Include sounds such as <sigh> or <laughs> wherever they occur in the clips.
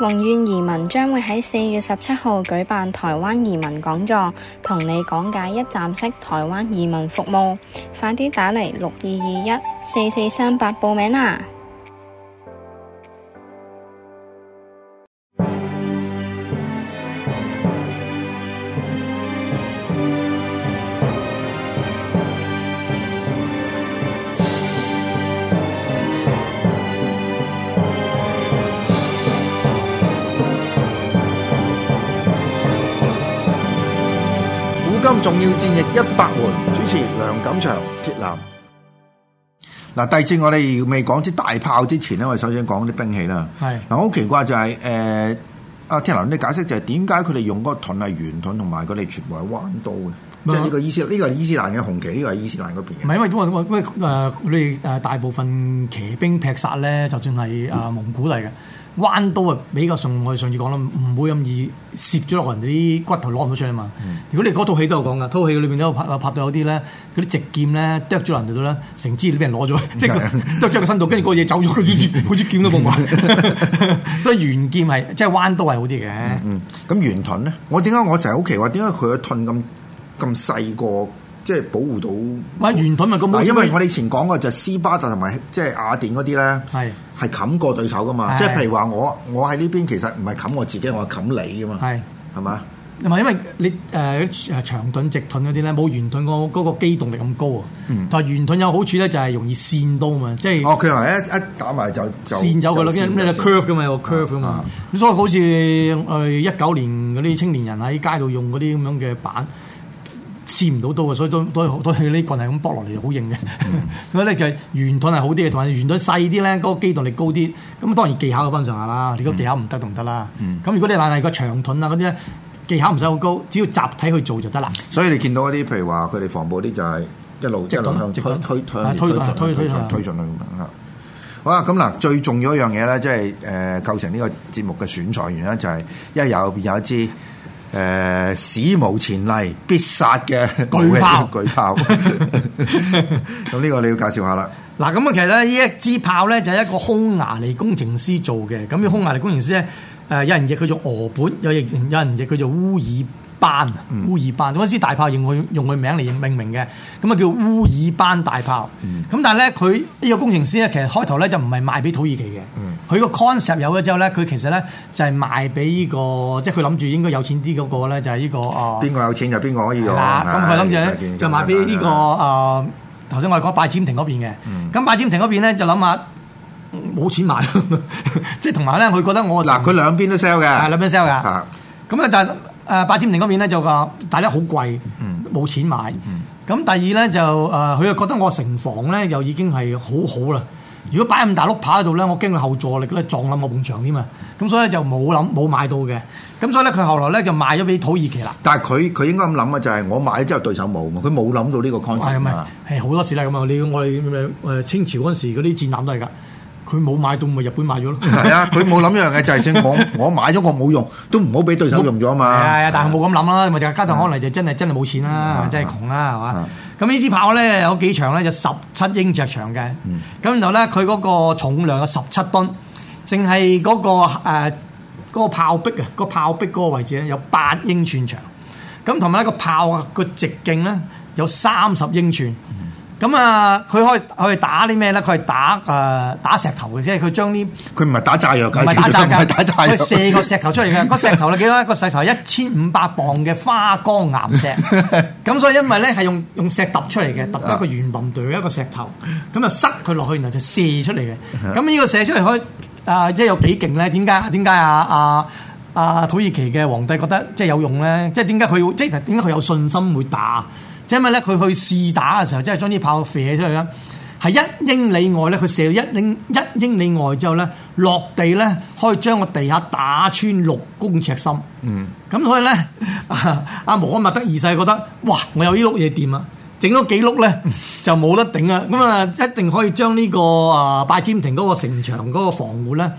宏願移民將會喺四月十七號舉辦台灣移民講座，同你講解一站式台灣移民服務，快啲打嚟六二二一四四三八報名啦！今重要戰役一百回，主持梁錦祥，鐵男。嗱，第二次我哋未講啲大炮之前咧，我哋首先講啲兵器啦。係嗱是，好奇怪就係、是、誒，阿鐵男，你解釋就係點解佢哋用嗰個盾係圓盾，同埋佢哋全部係彎刀嘅？啊、即係呢個、這個、伊斯呢個伊斯蘭嘅紅旗，呢、這個係伊斯蘭嗰邊嘅。唔係，因為因為誒，你、呃、誒，大部分騎兵劈殺咧，就算係誒、呃、蒙古嚟嘅。彎刀啊，比較順我哋上次講啦，唔會咁易摺咗落人哋啲骨頭攞唔到出嚟嘛。如果你嗰套戲都有講噶，套戲裏邊都有拍拍到有啲咧，嗰啲直劍咧剁咗人哋度咧，成枝畀人攞咗，即係剁咗個身度，跟住個嘢走咗，好似好似劍都冇埋，所以圓劍係即係彎刀係好啲嘅。咁圓盾咧，我點解我成日好奇怪？點解佢嘅盾咁咁細個？即係保護到。唔係圓盾咪咁。因為我哋以前講過就斯巴達同埋即係雅典嗰啲咧，係係冚過對手噶嘛。即係譬如話我我喺呢邊其實唔係冚我自己，我係冚你噶嘛。係係嘛？唔係因為你誒誒長盾直盾嗰啲咧冇圓盾個嗰個機動力咁高啊。但係圓盾有好處咧，就係容易跣到啊嘛。即係哦，佢話一一打埋就跣走佢咯，因為咁你就 curve 咁嘛，有個 curve 咁嘛。所以好似誒一九年嗰啲青年人喺街度用嗰啲咁樣嘅板。尖唔到刀嘅，所以都都都佢呢棍係咁卜落嚟，就好硬嘅。所以咧就係圓盾係好啲嘅，同埋圓盾細啲咧，嗰、那個機動力高啲。咁當然技巧嘅分上下啦，你個技巧唔得都唔得啦。咁如果你懶係個長盾啊嗰啲咧，技巧唔使好高，只要集體去做就得啦。所以你見到嗰啲譬如話佢哋防暴啲就係一路即動一路向推即動推向推，推，推進推，推，推，推進推進啊、嗯！好啦，咁、嗯、嗱、嗯、最重要一樣嘢咧，即係誒構成呢個節目嘅選材原因就係因為有邊有一支。嗯誒、呃，史無前例，必殺嘅巨炮，巨炮。咁呢個你要介紹下啦。嗱，咁啊，其實咧呢一支炮咧就係一個匈牙利工程師做嘅。咁呢匈牙利工程師咧，誒，有人譯佢做俄本，有譯，有人譯佢做烏爾。班烏爾班嗰支大炮用佢用佢名嚟命名嘅，咁啊叫烏爾班大炮。咁但係咧，佢呢個工程師咧，其實開頭咧就唔係賣俾土耳其嘅。佢個 concept 有咗之後咧，佢其實咧就係賣俾呢個，即係佢諗住應該有錢啲嗰個咧，就係呢個啊。邊個有錢就邊個可以用。嗱，咁佢諗住咧就賣俾呢個啊，頭先我哋講拜占庭嗰邊嘅。咁拜占庭嗰邊咧就諗下冇錢買，即係同埋咧，佢覺得我嗱，佢兩邊都 sell 嘅，係兩邊 sell 㗎。咁啊，但誒拜占庭嗰邊咧就話大家好貴，冇、嗯、錢買。咁、嗯、第二咧就誒，佢、呃、又覺得我城防咧又已經係好好啦。嗯、如果擺咁大碌炮喺度咧，我驚佢後坐力咧撞冧我埲牆添啊。咁、嗯、所以就冇諗冇買到嘅。咁所以咧佢後來咧就賣咗俾土耳其啦。但係佢佢應該咁諗啊，就係、是、我買咗之後對手冇嘛，佢冇諗到呢個 concept 啊。係好多時啦，咁啊！我哋誒清朝嗰陣時嗰啲戰艦都係㗎。佢冇買到咪、就是、日本買咗咯？係啊， <laughs> 佢冇諗樣嘅就係先講，我買咗我冇用，都唔好俾對手用咗啊嘛！係啊， <laughs> 的的但係冇咁諗啦，咪就係嘉達可能就真係的的真係冇錢啦，真係窮啦，係嘛的？咁呢支炮咧有幾長咧？有十七英尺長嘅，咁的然後咧佢嗰個重量有十七噸，淨係嗰個誒嗰個炮壁啊，呃那個炮壁嗰、那個、個位置咧有八英寸長，咁同埋呢個炮啊，個直徑咧有三十英寸。嗯。咁啊，佢可以去打啲咩咧？佢係打誒、呃、打石頭嘅啫，佢將啲佢唔係打炸藥嘅，唔係打炸藥，佢射個石頭出嚟嘅。個 <laughs> 石頭咧幾多？一個石頭一千五百磅嘅花崗岩石。咁所以因為咧係用用石揼出嚟嘅，揼一個圓盤朵一個石頭，咁啊塞佢落去，然後就射出嚟嘅。咁、這、呢個射出嚟可以即係、呃、有幾勁咧？點解？點解啊啊啊土耳其嘅皇帝覺得即係有用咧？即係點解佢要？即係點解佢有信心會打？因為咧，佢去試打嘅時候，即係將啲炮射出去啦。係一英里外咧，佢射到一英一英里外之後咧，落地咧，可以將個地下打穿六公尺深。嗯，咁所以咧，阿摩卡麥德二世覺得，哇！我有呢碌嘢掂啊，整咗幾碌咧就冇得頂啊。咁啊，一定可以將呢個啊拜占庭嗰個城牆嗰個防護咧，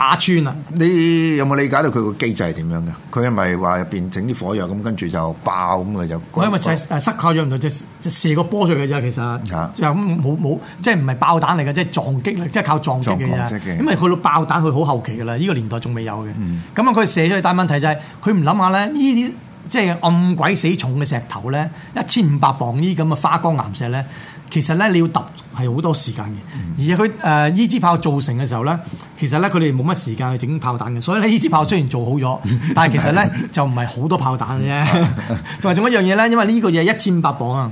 打穿啦！你有冇理解到佢個機制係點樣嘅？佢係咪話入邊整啲火藥咁，跟住就爆咁佢就？佢因就係誒，失靠咗？唔到，就就射個波出去嘅啫。其實、啊、就咁冇冇，即係唔係爆彈嚟嘅，即係撞擊咧，即係靠撞擊嘅啫。咁啊，去到爆彈，佢好後期嘅啦。呢、這個年代仲未有嘅。咁啊，佢射出去，但係問題就係佢唔諗下咧，呢啲即係暗鬼死重嘅石頭咧，一千五百磅呢啲咁嘅花崗岩石咧。其實咧，你要揼係好多時間嘅，而且佢誒呢支炮造成嘅時候咧，其實咧佢哋冇乜時間去整炮彈嘅，所以呢支炮雖然做好咗，但係其實咧就唔係好多炮彈嘅啫。同埋仲一樣嘢咧，因為呢個嘢一千八磅啊，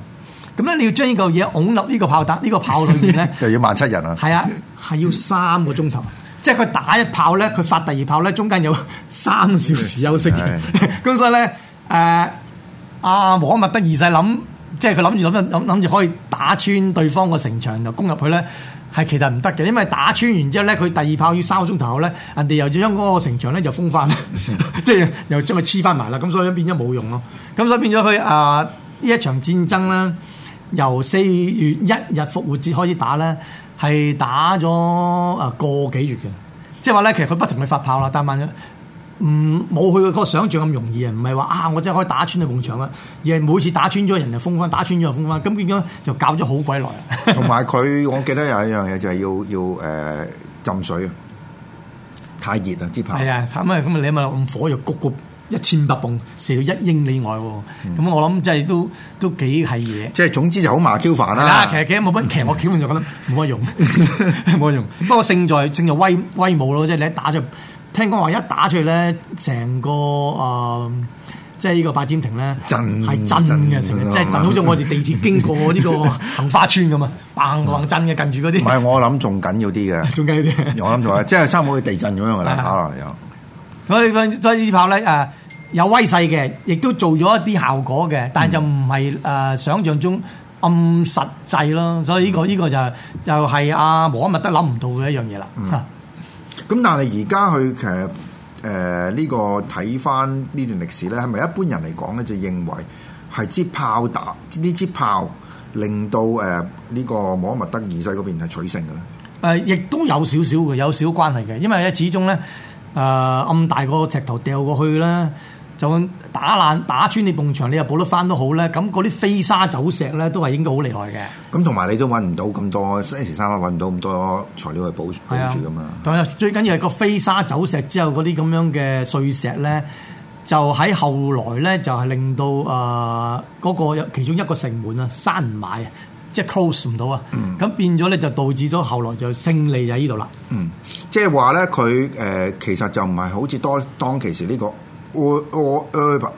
咁咧你要將呢嚿嘢擁入呢個炮彈呢個炮裏面咧，就要萬七人啊。係啊，係要三個鐘頭，即係佢打一炮咧，佢發第二炮咧，中間有三小時休息，咁所以咧誒阿王密不二世諗。即係佢諗住諗諗諗住可以打穿對方個城牆就攻入去咧，係其實唔得嘅，因為打穿完之後咧，佢第二炮要三個鐘頭後咧，人哋又要將嗰個城牆咧就封翻， <laughs> <laughs> 即係又將佢黐翻埋啦，咁所以變咗冇用咯。咁所以變咗佢啊呢一場戰爭咧，由四月一日復活節開始打咧，係打咗啊個幾月嘅，即係話咧其實佢不停去發炮啦，但係萬唔冇去個想像咁容易啊！唔係話啊，我真係可以打穿個埲牆啦，而係每次打穿咗人就封翻，打穿咗就封翻，咁變咗就搞咗好鬼耐啊。同埋佢，我記得有一樣嘢就係要要誒浸水啊，太熱啊，支炮係啊，慘啊！咁你咪咁火藥焗個一千百泵射到一英里外喎，咁我諗真係都都幾係嘢。即係總之就好麻煩啦。其實其實冇乜，其實我始終就覺得冇乜用，冇乜用。不過勝在勝在威威武咯，即係你一打就。聽講話一打出去咧，成個誒，即係呢個拜占庭咧，震係震嘅，成日即係就好似我哋地鐵經過呢個杏花村咁啊，砰砰震嘅，近住嗰啲。唔係，我諗仲緊要啲嘅，仲緊要啲。我諗仲啊，即係差唔多地震咁樣嘅啦，可能有。所以，所以呢炮咧誒，有威勢嘅，亦都做咗一啲效果嘅，但係就唔係誒想象中咁實際咯。所以呢個呢個就就係阿摩一密德諗唔到嘅一樣嘢啦。咁但係而家佢其實呢個睇返呢段歷史咧，係咪一般人嚟講咧就認為係支炮打，呢支炮令到誒呢、呃這個摩麥德二世嗰邊係取勝嘅咧？誒、呃，亦都有少少嘅，有少少關係嘅，因為咧始終咧誒暗大個石頭掉過去啦。就打爛打穿你埲牆，你又補得翻都好咧。咁嗰啲飛沙走石咧，都係應該好厲害嘅。咁同埋你都揾唔到咁多，當時三藩揾唔到咁多材料去保補，的補住㗎嘛。但係最緊要係個飛沙走石之後，嗰啲咁樣嘅碎石咧，就喺後來咧就係、是、令到啊嗰、呃那個其中一個城門啊，閂唔埋啊，即、就、係、是、close 唔到啊。咁、嗯、變咗咧就導致咗後來就勝利喺呢度啦。嗯，即係話咧，佢誒、呃、其實就唔係好似當當其時呢、這個。O 我我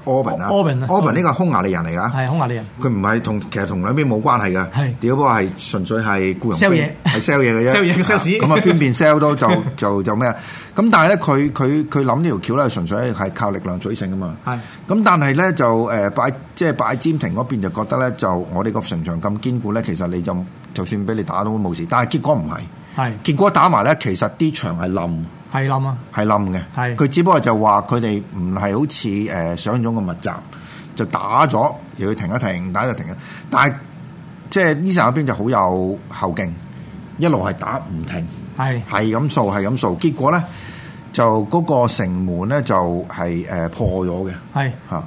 Orban 啊，Orban 啊，Orban 呢個係匈牙利人嚟㗎，係匈牙利人。佢唔係同其實同兩邊冇關係㗎，屌不過係純粹係僱傭 sell 嘢係 sell 嘢嘅啫。咁啊邊邊 sell 都就就就咩啊？咁但係咧佢佢佢諗呢條橋咧係純粹係靠力量取勝㗎嘛。係。咁但係咧就誒拜即係拜占庭嗰邊就覺得咧就我哋個城牆咁堅固咧，其實你就就算俾你打都冇事。但係結果唔係，係結果打埋咧，其實啲牆係冧。係冧啊！係冧嘅，係佢是只不過就話佢哋唔係好似誒、呃、想像中咁密集，就打咗又要停一停，打就停嘅。但係即係 e a 嗰邊就好有後勁，一路係打唔停，係係咁掃係咁掃，結果咧就嗰、那個城門咧就係、是、誒、呃、破咗嘅。係吓是，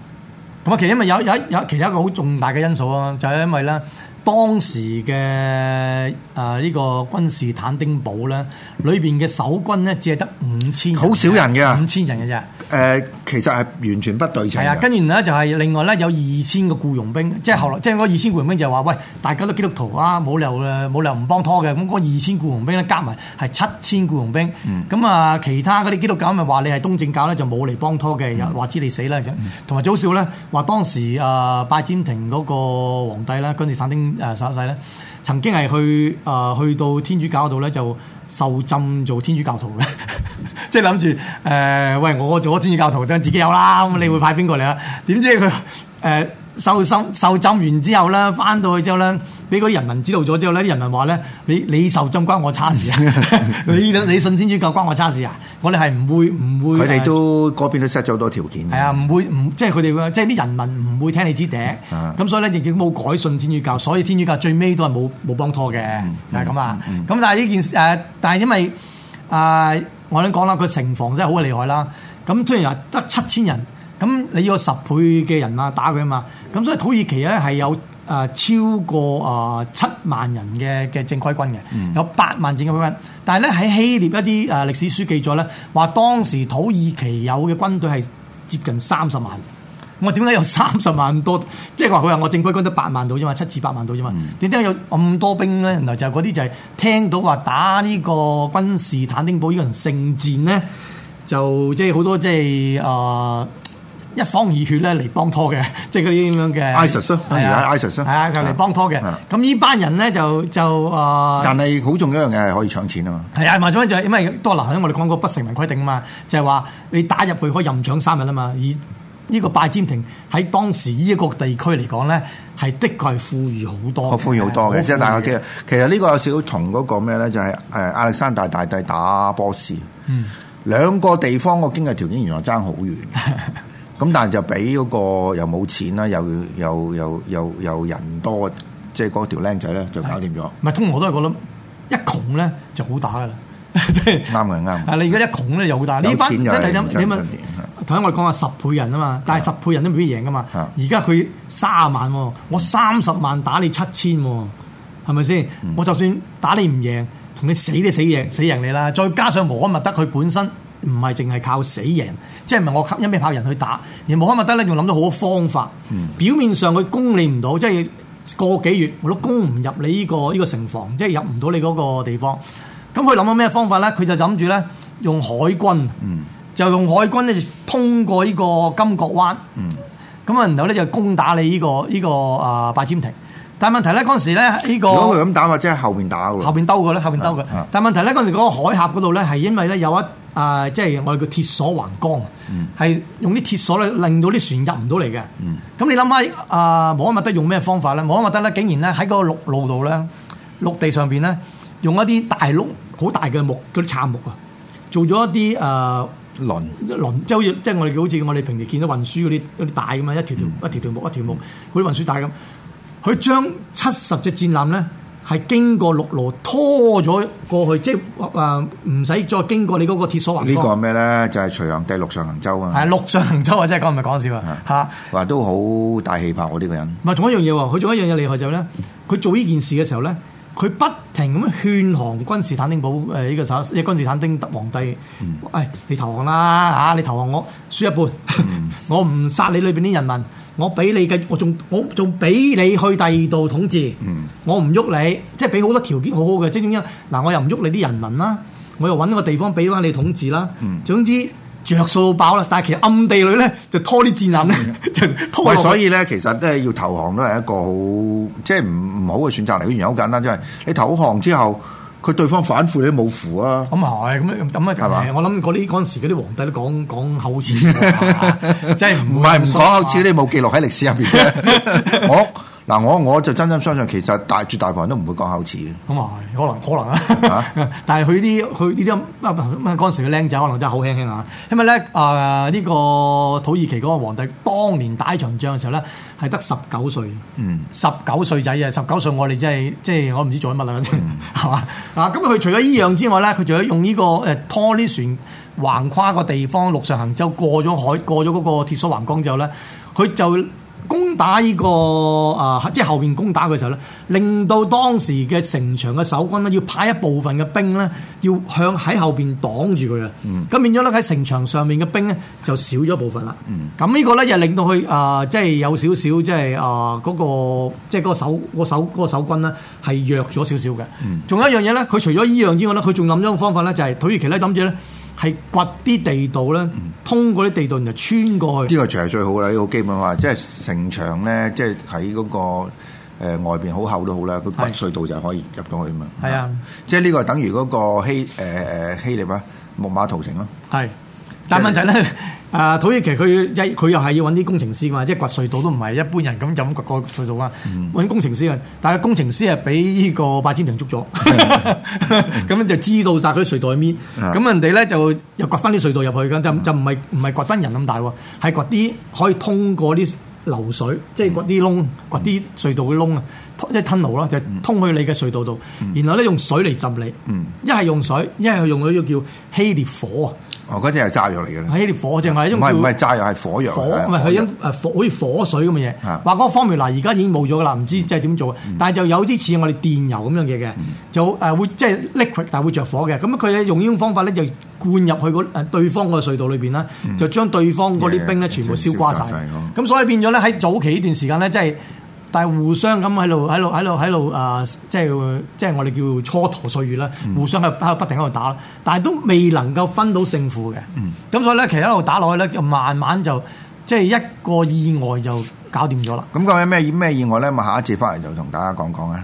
咁啊是，其實因為有有有其他一個好重大嘅因素啊，就係、是、因為咧。當時嘅誒呢個君士坦丁堡咧，裏邊嘅守軍咧只係得五千，好少人嘅，五千人嘅啫。誒，其實係完全不對稱。係啊，跟住咧就係、是、另外咧有二千個僱傭兵，嗯、即係後來即係嗰二千僱傭兵就話：喂，大家都基督徒啊，冇理由冇理由唔幫拖嘅。咁嗰二千僱傭兵咧加埋係七千僱傭兵。咁啊，其他嗰啲基督教咪話你係東正教咧，就冇嚟幫拖嘅，又話知你死啦。同埋最好笑咧，話當時誒拜占庭嗰個皇帝啦，君士、嗯、坦丁。誒殺曬咧！曾經係去誒、呃、去到天主教嗰度咧，就受浸做天主教徒咧， <laughs> 即係諗住誒，喂我做咗天主教徒，等自己有啦。咁你會派邊個嚟啊？點知佢誒受浸受,受浸完之後咧，翻到去之後咧，俾嗰啲人民知道咗之後咧，啲人民話咧：你你受浸關我差事啊！ <laughs> 你你信天主教關我差事啊！我哋係唔會唔會，佢哋都嗰邊都 set 咗好多條件。係啊，唔會唔即係佢哋，即係啲人民唔會聽你支笛。咁所以咧，亦都冇改信天主教。所以天主教最尾都係冇冇幫拖嘅，係咁啊。咁但係呢件誒，但係因為啊，我想講啦，佢城防真係好厲害啦。咁雖然話得七千人，咁你要有十倍嘅人啊打佢啊嘛。咁所以土耳其咧係有。誒超過誒、呃、七萬人嘅嘅正規軍嘅，嗯、有八萬正規軍。但係咧喺希臘一啲誒、呃、歷史書記載咧，話當時土耳其有嘅軍隊係接近三十萬。我點解有三十萬咁多？即係話佢話我正規軍得八萬度啫嘛，七至八萬度啫嘛。點解、嗯、有咁多兵咧？原來就係嗰啲就係聽到話打呢個君士坦丁堡人呢人勝戰咧，就即係好多即係誒。就是呃一方二血咧嚟幫拖嘅，即係嗰啲咁樣嘅。ISIS 係啊 ISIS 係啊，就嚟幫拖嘅。咁呢、啊啊、班人咧就就啊，但係好重要一樣嘢係可以搶錢啊嘛。係啊，萬眾一聚，因為多留喺我哋講過不成文規定啊嘛，就係、是、話你打入去可以任搶三日啊嘛。而呢個拜占庭喺當時呢一個地區嚟講咧，係的確係富裕好多，我富裕好多嘅。即係大概基，其實呢個有少少同嗰個咩咧，就係誒亞歷山大大帝打波斯、嗯。兩個地方個經濟條件原來爭好遠。 <laughs> 咁但係就俾嗰個又冇錢啦，又又又又又人多，即係嗰條僆仔咧就搞掂咗。唔係，通常我都係覺得一窮咧就好打噶啦。啱嘅，啱。但係你而家一窮咧又好打。有錢就係你諗，你問。頭先我哋講話十倍人啊嘛，但係十倍人都未必贏噶嘛。而家佢三十萬，我三十萬打你七千、啊，係咪先？嗯、我就算打你唔贏，同你死你死，也死，也死也贏，死贏你啦。再加上無可咪得，佢本身。唔係淨係靠死贏，即係唔係我吸引咩炮人去打，而穆罕默德咧，仲諗到好多方法。表面上佢攻你唔到，即係個幾月我都攻唔入你呢個依個城防，即係入唔到你嗰個地方。咁佢諗到咩方法咧？佢就諗住咧用海軍，嗯、就用海軍咧通過呢個金角灣，咁啊，然後咧就攻打你呢、這個依、這個啊拜占庭。但係問題咧嗰陣時咧呢、這個，如果佢咁打嘅，即係後邊打嘅喎，後邊兜嘅咧，後邊兜嘅。啊、但係問題咧嗰陣時嗰個海峽嗰度咧，係因為咧有一。啊、呃，即係我哋叫鐵鎖橫江，係、嗯、用啲鐵鎖咧，令到啲船入唔到嚟嘅。咁、嗯、你諗下啊？摩罕默德用咩方法咧？摩罕默德咧竟然咧喺個陸路度咧，陸地上邊咧，用一啲大碌好大嘅木嗰啲杉木啊，做咗一啲誒、呃、輪輪，即係好似即係我哋好似我哋平時見到運輸嗰啲嗰啲帶咁啊，一條條、嗯、一條條木一條木，好似運輸帶咁。佢將七十隻戰艦咧。係經過陸路拖咗過去，即係誒唔使再經過你嗰個鐵索橫江。呢個咩咧？就係隋煬帝陸行、啊、陸上行舟的啊！係陸上行舟啊！真係講唔係講笑啊！吓，話都好大氣魄，我呢個人。唔係，同一樣嘢喎，佢仲一樣嘢厲害就係咧，佢做呢件事嘅時候咧，佢不停咁勸降君士坦丁堡誒呢、這個首，君士坦丁皇帝。嗯。誒、哎，你投降啦吓，你投降我，輸一半，嗯、 <laughs> 我唔殺你裏邊啲人民人。我俾你嘅，我仲我仲俾你去第二度統治，嗯、我唔喐你，即係俾好多條件好好嘅，即係點樣？嗱，我又唔喐你啲人民啦，我又揾個地方俾翻你統治啦。嗯、總之着數到飽啦，但係其實暗地裏咧就拖啲戰艦咧就、嗯、 <laughs> 拖。所以咧，其實即係要投降都係一個、就是、好即係唔唔好嘅選擇嚟，原因好簡單，因為你投降之後。佢對方反悔你都冇符啊！咁係、嗯，咁咁啊，我諗嗰啲嗰陣時嗰啲皇帝都講講口齒嘅，即係唔係唔講口齒你冇記錄喺歷史入面。 <laughs> <laughs> 嗱，我我就真心相信，其實大絕大部分人都唔會講口齒嘅。咁啊、嗯，可能可能啊，但係佢啲佢呢啲咩嗰時嘅僆仔，可能、啊、 <laughs> 可能真係好輕輕啊。因為咧，誒、呃、呢、呢個土耳其嗰個皇帝，當年打一場仗嘅時候咧，係得十九歲。嗯。十九歲仔啊，十九歲我、就是，就是、我哋真係即係我唔知做乜啦，係嘛、嗯。啊，咁佢除咗依樣之外咧，佢仲有用呢個誒拖啲船橫跨個地方，陸上行舟過咗海，過咗嗰個鐵索橫江之後咧，佢就。打呢、呢個啊、呃，即係後邊攻打嘅時候咧，令到當時嘅城牆嘅守軍咧，要派一部分嘅兵咧，要向喺後邊擋住佢啊。咁、嗯、變咗咧喺城牆上面嘅兵咧，就少咗部分啦。咁呢、嗯、個咧又令到佢啊、呃，即係有少少、呃、即係啊嗰個即係嗰個守、嗰個守嗰、嗰個、守軍咧係弱咗少少嘅。仲、嗯、有一樣嘢咧，佢除咗依樣之外咧，佢仲諗咗個方法咧、就係，就係土耳其咧諗住咧。係掘啲地道咧，通過啲地道，就穿過去。呢個就係最好啦，呢、這個基本話，即係城牆咧，即係喺嗰個誒、呃、外邊好厚都好啦，佢掘隧道就可以入到去嘛。係啊是，吧即係呢個等於嗰個希誒誒、呃、希臘嘛，木馬屠城咯。係是，就是、但問題咧。 <laughs> 啊！土耳其佢佢又係要揾啲工程師嘛，即係掘隧道都唔係一般人咁咁掘個隧道啊！揾工程師啊，但係工程師啊俾呢個八千斯捉咗，咁就知道晒佢隧道喺邊。咁人哋咧就又掘翻啲隧道入去咁，就就唔係唔係掘翻人咁大喎，係掘啲可以通過啲流水，即係掘啲窿、掘啲隧道嘅窿啊，即係吞路咯，就通去你嘅隧道度。然後咧用水嚟浸你，一係用水，一係用咗呢個叫希臘火啊！嗰隻係炸藥嚟嘅咧，係啲火，淨係一種叫……唔係唔係炸藥，係火藥火？唔係係一種火，好似火水咁嘅嘢。話嗰的個 formula，而家已經冇咗噶啦，唔知即係點做的但係就有啲似我哋電油咁樣嘢嘅，的就誒、呃、會即係 liquid，但係會着火嘅。咁佢咧用呢種方法咧，就灌入去個誒對方個隧道裏邊啦，的就將對方嗰啲兵咧全部燒瓜晒。咁、就是、所以變咗咧，喺早期呢段時間咧，即係。但係互相咁喺度喺度喺度喺度啊！即係即係我哋叫蹉跎歲月啦，嗯、互相喺度不停喺度打，但係都未能夠分到勝負嘅。咁、嗯、所以咧，其實一路打落去咧，就慢慢就即係一個意外就搞掂咗啦。咁究竟咩咩意外咧？咪下一次翻嚟就同大家講講啊！